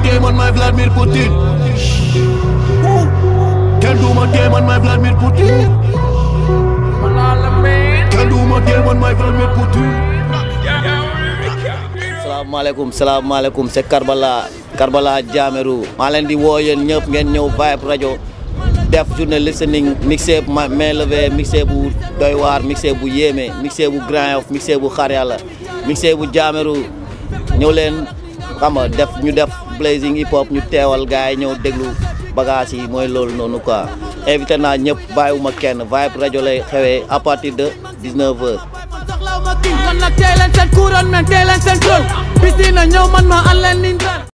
my game on my Vladimir Putin. Can do my game on my Vladimir Putin. Can do my game on my Vladimir Putin. alaikum, salaamaaleykum alaikum. c'est Karbala Karbala Jameru. maa leen di woo yéen ñëpp ngeen ñëw Vibe radio. def journée listening mixé bu main levée mixé bu doy waar mixé bu yéeme mixé bu Grand Yoff mixé bu xaar yàlla mixé bu jameru ñëw leen xam nga def ñu def blazing hip hop ñu teewal gars yi ñëw déglu bagage yi mooy loolu noonu quoi invité naa ñëpp bàyyiwuma kenn vibe rajo lay xewee à partir de 19 heures. kon nag tey leen seen couronne men tey leen seen tool bis dina ma an leen ni